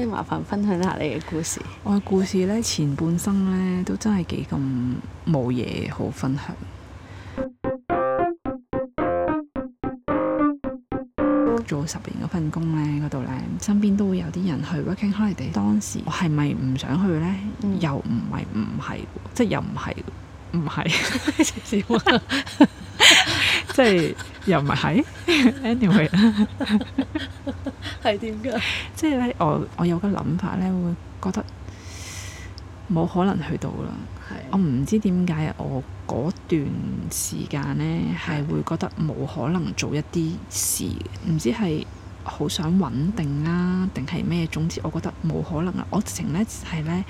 以麻煩分享下你嘅故事？我嘅故事咧，前半生咧都真係幾咁冇嘢好分享。做 十年嗰份工咧，嗰度咧，身邊都會有啲人去 working holiday。當時我係咪唔想去咧？又唔係，唔係，即係又唔係，唔係。即係又唔係？Anyway。 係點㗎？即係咧，我我有個諗法咧，會覺得冇可能去到啦。係。我唔知點解，我嗰段時間咧係會覺得冇可能做一啲事，唔知係好想穩定啊，定係咩？總之我覺得冇可能啊！我直情咧係咧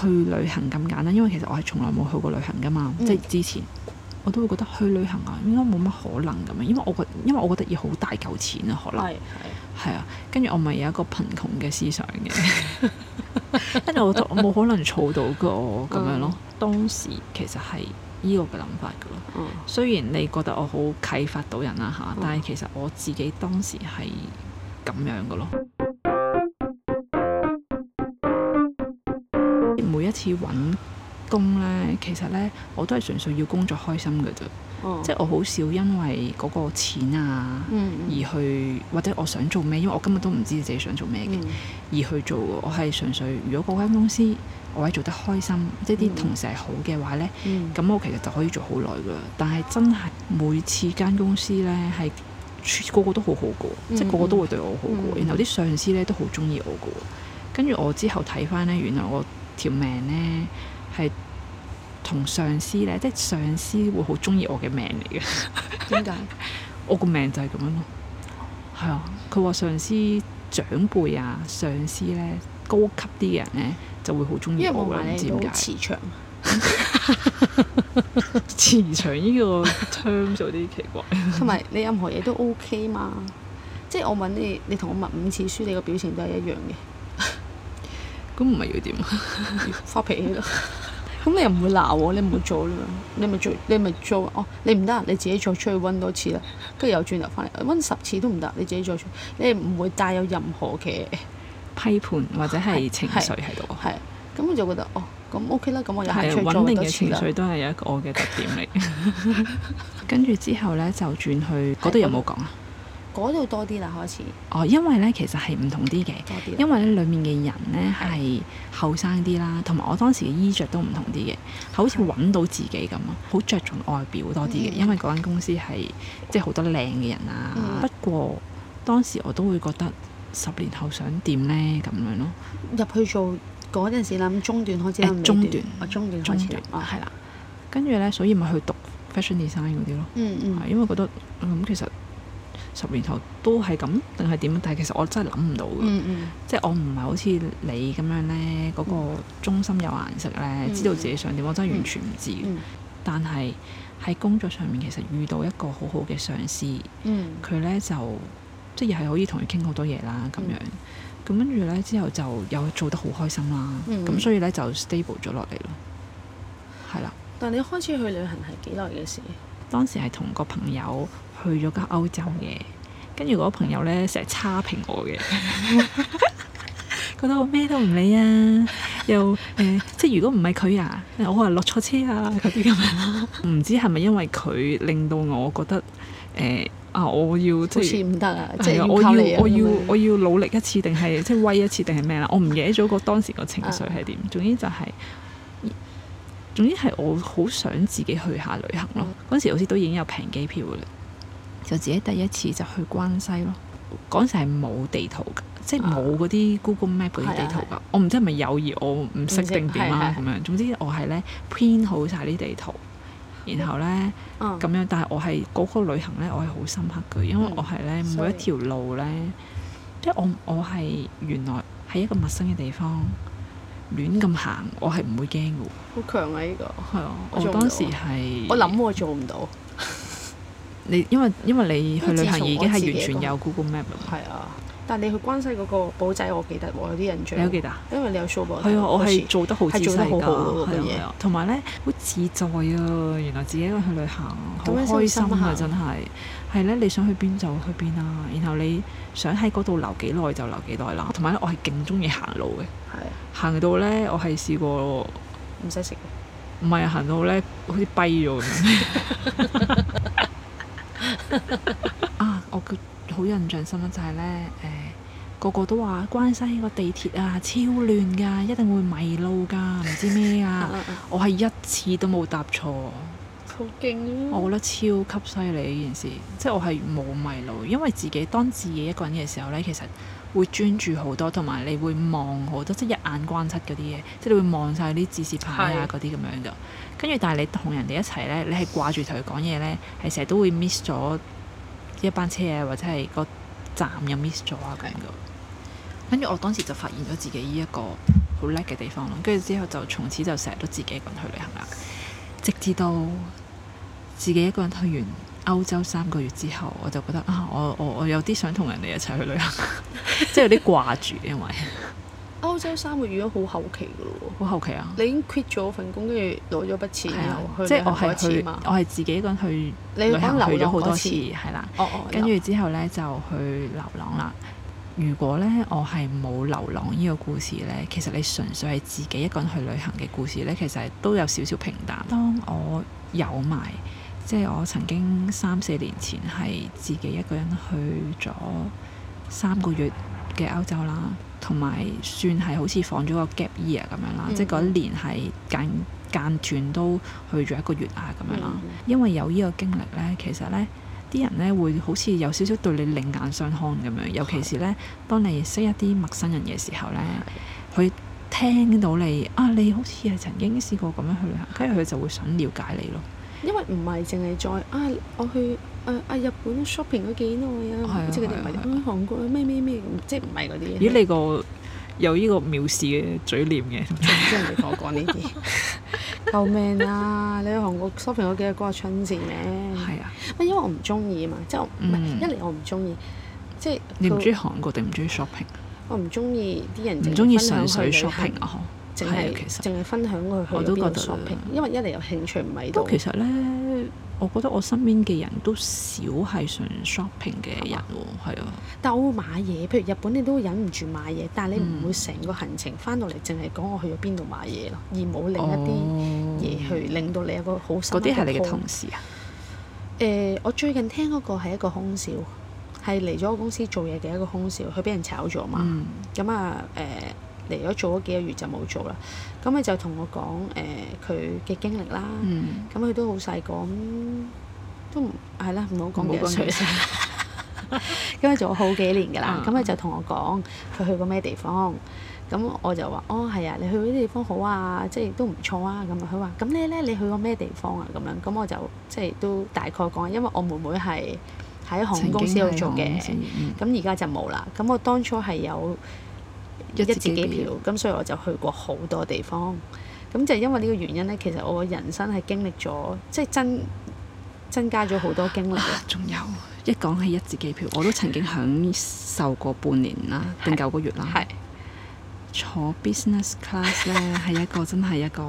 去旅行咁簡單，因為其實我係從來冇去過旅行㗎嘛，嗯、即係之前。我都會覺得去旅行啊，應該冇乜可能咁樣，因為我覺因為我覺得要好大嚿錢啊，可能係係啊，跟住我咪有一個貧窮嘅思想嘅，跟住 我冇可能儲到個咁、嗯、樣咯。當時其實係呢個嘅諗法噶咯。嗯、雖然你覺得我好啟發到人啦嚇，嗯、但係其實我自己當時係咁樣噶咯。嗯、每一次搵工咧，其實咧，我都係純粹要工作開心嘅啫，oh. 即係我好少因為嗰個錢啊、mm hmm. 而去或者我想做咩，因為我根本都唔知自己想做咩嘅，mm hmm. 而去做。我係純粹如果嗰間公司我係做得開心，即係啲同事係好嘅話咧，咁、mm hmm. 我其實就可以做好耐噶。但係真係每次間公司咧係個個都好好過，mm hmm. 即係個個都會對我好過。Mm hmm. 然後啲上司咧都好鍾意我嘅。跟住我之後睇返咧，原來我條命咧。係同上司咧，即係上司會好中意我嘅命嚟嘅。點解？ 我個命就係咁樣咯。係、哦、啊，佢話上司長輩啊，上司咧高級啲嘅人咧就會好中意我嘅。點解？磁場。磁場呢個 terms 有啲奇怪。同 埋你任何嘢都 O、OK、K 嘛？即係我問你，你同我問五次書，你個表情都係一樣嘅。咁唔係要點啊？ 發脾氣咯～咁你又唔會鬧我，你唔會做啦你咪做，你咪做，你做哦！你唔得你自己再出去温多次啦。跟住又轉頭翻嚟，温十次都唔得，你自己再出。你唔會帶有任何嘅批判或者係情緒喺度。係，咁、嗯、我就覺得哦，咁 OK 啦，咁我又係出咗好多次啦。穩定嘅情緒都係有一個我嘅特點嚟。跟住之後咧，就轉去嗰啲有冇講啊？嗰度多啲啦，開始。哦，因為咧其實係唔同啲嘅，因為咧裡面嘅人咧係後生啲啦，同埋我當時嘅衣着都唔同啲嘅，好似揾到自己咁啊，好着重外表多啲嘅，因為嗰間公司係即係好多靚嘅人啊。不過當時我都會覺得十年後想點咧咁樣咯。入去做嗰陣時諗，中段開始，中段，中段開始啊，係啦。跟住咧，所以咪去讀 fashion design 嗰啲咯。嗯嗯，係因為覺得咁其實。十年後都係咁定係點？但係其實我真係諗唔到嘅，mm hmm. 即係我唔係好似你咁樣呢嗰、嗰個中心有顏色呢，mm hmm. 知道自己想點。我真係完全唔知、mm hmm. mm hmm. 但係喺工作上面，其實遇到一個好好嘅上司，佢、mm hmm. 呢就即係可以同佢傾好多嘢啦。咁樣咁跟住呢，之後就又做得好開心啦。咁、mm hmm. 所以呢，就 stable 咗落嚟咯，係啦。但係你開始去旅行係幾耐嘅事？當時係同個朋友。去咗架歐洲嘅，跟住嗰個朋友咧成日差評我嘅， 覺得我咩都唔理啊。又誒、呃，即係如果唔係佢啊，我可能落錯車啊嗰啲咁樣。唔知係咪因為佢令到我覺得誒啊、呃？我要即係唔得、嗯、啊！即係我要即我要我要努力一次，定係即係威一次，定係咩啦？我唔記得咗個當時個情緒係點？總之就係、是、總之係我好想自己去下旅行咯。嗰、嗯、時好似都已經有平機票啦。就自己第一次就去關西咯，嗰陣時係冇地圖噶，即、就、係、是、冇嗰啲 Google Map 嗰啲、啊、地圖噶、啊。我唔知係咪有而我唔識定點啦咁樣。是是是是總之我係咧編好晒啲地圖，然後咧咁、嗯、樣。但係我係嗰、那個旅行咧，我係好深刻嘅，因為我係咧、嗯、每一條路咧，即、就、係、是、我我係原來喺一個陌生嘅地方亂咁行，我係唔會驚嘅。好強啊！呢、這個係啊， 我，我當時係我諗我做唔到。你因為因為你去旅行已經係完全有 Google Map 啦，係啊。但係你去關西嗰個寶仔，我記得喎，我有啲印象。你有記得、啊、因為你有 show 我係啊，我係做得好自在，做得好好嗰樣同埋咧，好、那個啊啊、自在啊！原來自己去旅行，好開心啊！真係係咧，你想去邊就去邊啊。然後你想喺嗰度留幾耐就留幾耐啦。同埋咧，我係勁中意行路嘅。係。行到咧，我係試過唔使食，唔係行到咧，好似跛咗。咁。 啊！我好印象深刻就係、是、咧，誒、欸，個個都話關西個地鐵啊超亂噶，一定會迷路噶，唔知咩啊！ 我係一次都冇搭錯。好勁咯！我覺得超級犀利呢件事，即係我係冇迷路，因為自己當自己一個人嘅時候呢，其實會專注好多，同埋你會望好多，即係一眼關七嗰啲嘢，即係你會望晒啲指示牌啊嗰啲咁樣嘅。跟住，但係你同人哋一齊呢，你係掛住同佢講嘢呢，係成日都會 miss 咗一班車啊，或者係個站又 miss 咗啊咁樣。跟住我當時就發現咗自己呢一個好叻嘅地方咯。跟住之後就從此就成日都自己一個人去旅行啦，直至到。自己一個人去完歐洲三個月之後，我就覺得啊，我我我有啲想同人哋一齊去旅行，即係有啲掛住，因為歐洲三個月都好後期㗎喇，好後期啊！你已經 quit 咗份工，跟住攞咗筆錢，即係我係去，我係自己一個人去旅行，你去咗好多次，係啦，跟住之後呢就去流浪啦。如果呢，我係冇流浪呢個故事呢，其實你純粹係自己一個人去旅行嘅故事呢，其實都有少少平淡。當我有埋。即係我曾經三四年前係自己一個人去咗三個月嘅歐洲啦，同埋算係好似放咗個 gap year 咁樣啦。嗯、即係嗰一年係間間斷都去咗一個月啊咁樣啦。嗯、因為有呢個經歷呢，其實呢啲人呢會好似有少少對你另眼相看咁樣，尤其是呢，當你識一啲陌生人嘅時候呢，佢、嗯、聽到你啊你好似係曾經試過咁樣去旅行，跟住佢就會想了解你咯。因為唔係淨係在啊，我去誒誒、啊啊、日本 shopping 咗幾耐啊，即係佢哋唔係點？韓國咩咩咩咁，即係唔係嗰啲嘢。咦？啊、你個有呢個藐視嘅嘴臉嘅，唔知人哋同我講呢啲。救 命啊！你去韓國 shopping 咗幾日？嗰日春節咩？係啊，乜、啊、因為我唔中意啊嘛，即係唔係一嚟我唔中意，即係你唔中意韓國定唔中意 shopping？我唔中意啲人，唔中意上水 shopping 啊！係只啊，其實淨係分享佢去我都覺得 shopping，因為一嚟有興趣，唔係都其實咧，我覺得我身邊嘅人都少係想 shopping 嘅人喎，嗎啊。但係我會買嘢，譬如日本，你都忍唔住買嘢，但係你唔會成個行程翻到嚟，淨係講我去咗邊度買嘢咯，而冇另一啲嘢去令到你有個好。嗰啲係你嘅同事啊？誒、呃，我最近聽嗰個係一個空少，係嚟咗我公司做嘢嘅一個空少，佢俾人炒咗嘛。咁啊、嗯，誒。呃嚟咗做咗幾個月就冇做啦，咁佢就同我講誒，佢嘅經歷啦，咁佢都好細個，都唔係啦，唔好講幾水多歲先。咁 佢、嗯、做咗好幾年噶啦，咁佢、嗯、就同我講佢去過咩地方，咁、嗯、我就話哦係啊，你去嗰啲地方好啊，嗯、即係都唔錯啊，咁啊佢話咁你咧，你去過咩地方啊咁樣，咁、嗯、我就即係都大概講，因為我妹妹係喺航空公司度做嘅，咁而家就冇啦，咁我當初係有。一折機票，咁所以我就去過好多地方，咁就因為呢個原因呢，其實我人生係經歷咗，即係增增加咗好多經歷。啊、仲有一講起一折機票，我都曾經享受過半年啦，定 九個月啦。坐 business class 呢，係一個真係一個，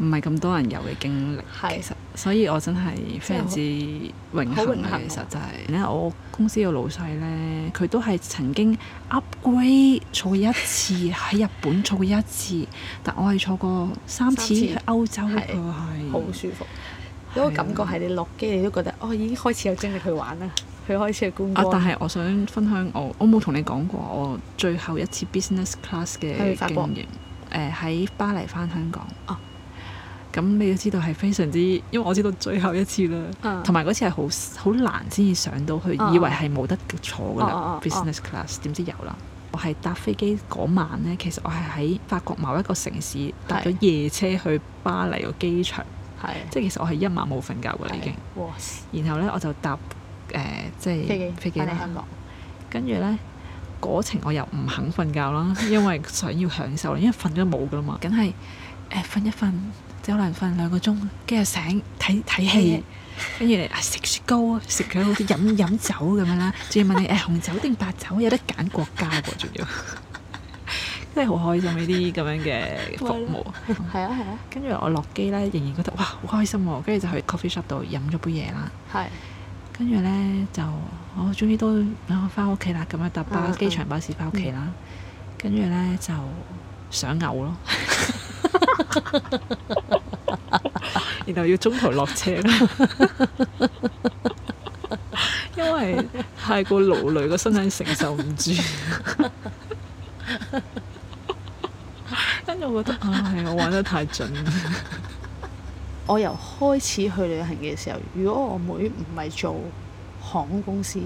唔係咁多人有嘅經歷，其實所以我真係非常之榮幸啊。其實就係咧，我公司嘅老細呢，佢都係曾經 upgrade 坐過一次，喺日本坐過一次，但我係坐過三次去歐洲。係好舒服，嗰個感覺係你落機，你都覺得哦，已經開始有精力去玩啦，佢開始去觀光。啊！但係我想分享我，我冇同你講過我最後一次 business class 嘅經驗，喺巴黎返香港咁你都知道係非常之，因為我知道最後一次啦，同埋嗰次係好好難先至上到去，以為係冇得坐噶啦。Business class 點知有啦？我係搭飛機嗰晚呢，其實我係喺法國某一個城市搭咗夜車去巴黎個機場，係即係其實我係一晚冇瞓覺噶啦，已經。然後呢，我就搭誒即係飛機飛機啦，跟住呢，嗰程我又唔肯瞓覺啦，因為想要享受，因為瞓咗冇噶啦嘛，梗係誒瞓一瞓。有蘭瞓兩個鐘，跟住醒，睇睇戲，跟住嚟食雪糕，食佢好似飲飲酒咁樣啦。仲要問你誒、哎、紅酒定白酒？有得揀國家喎，仲要。 真係好開心呢啲咁樣嘅服務。係啊係啊。跟住、啊啊、我落機咧，仍然覺得哇好開心喎、啊。跟住就去 coffee shop 度飲咗杯嘢啦。係是。跟住咧就我終於都等我翻屋企啦，咁、啊、樣搭巴機場巴士翻屋企啦。跟住咧就想嘔咯。 然後要中途落車啦 因為太過勞累個 身體承受唔住。跟住我覺得，唉、哎，我玩得太盡。 我由開始去旅行嘅時候，如果我妹唔係做航空公司，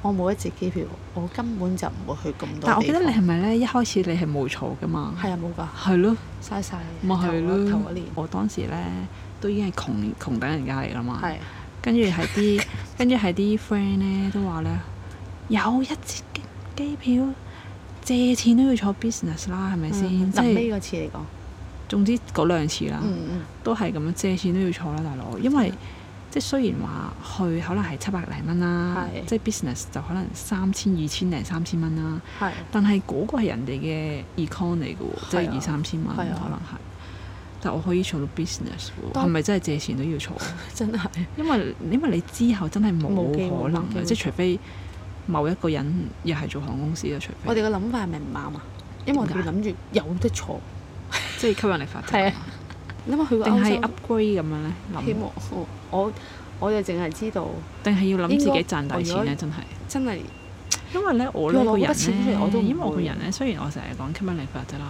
我冇一折機票，我根本就唔會去咁多。但我記得你係咪咧？一開始你係冇坐噶嘛？係啊，冇噶。係咯的。嘥曬。咪係咯。我當時咧都已經係窮窮等人家嚟噶嘛。係的。跟住係啲， 跟住係啲 friend 咧都話咧，有一折機機票，借錢都要坐 business 啦，係咪先？嗯、即係是。呢嗰次嚟講。總之嗰兩次啦，嗯嗯都係咁樣借錢都要坐啦，大佬，因為。即係雖然話去可能係七百零蚊啦，即係 business 就可能三千二千零三千蚊啦。但係嗰個係人哋嘅 econ 嚟嘅喎，即係二三千蚊可能係。但我可以做到 business 喎，係咪真係借錢都要坐？真係因為因為你之後真係冇可能嘅，即係除非某一個人又係做航空公司啦。除非我哋嘅諗法係咪唔啱啊？因為我哋諗住有得坐，即係吸引力法則。諗下佢定係 upgrade 咁樣咧？希望哦。我我就淨係知道，定係要諗自己賺大錢咧，真係真係。因為咧，我呢個人我咧，因為我個人咧，人雖然我成日講吸引力法則啦，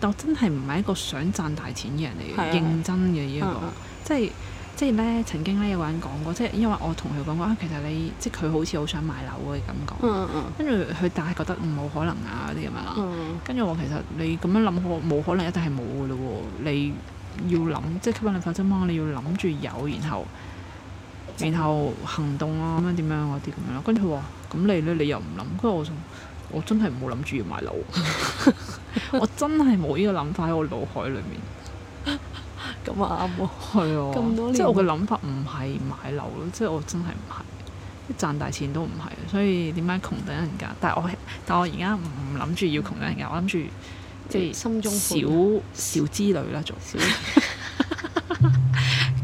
但我真係唔係一個想賺大錢嘅人嚟嘅，認真嘅呢一個，嗯嗯即係即係咧。曾經咧有個人講過，即係因為我同佢講過，其實你即係佢好似好想買樓嘅感覺，跟住佢但係覺得冇可能啊嗰啲咁樣啦。跟住、嗯、我其實你咁樣諗，我冇可能一定係冇嘅咯喎，你。要諗，即係吸引力法則嘛！你要諗住有，然後，然後行動啊咁樣點樣嗰啲咁樣啦。跟住佢話：咁你咧，你又唔諗？跟住我仲，我真係冇諗住要買樓， 我真係冇呢個諗法喺我腦海裡面。咁啊啱喎，係啊， 啊即係我嘅諗法唔係買樓咯，即係我真係唔係賺大錢都唔係，所以點解窮等人家？但係我係，但係我而家唔諗住要窮等人家，我諗住。即係心中少少之旅啦，仲少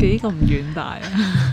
幾咁遠大啊！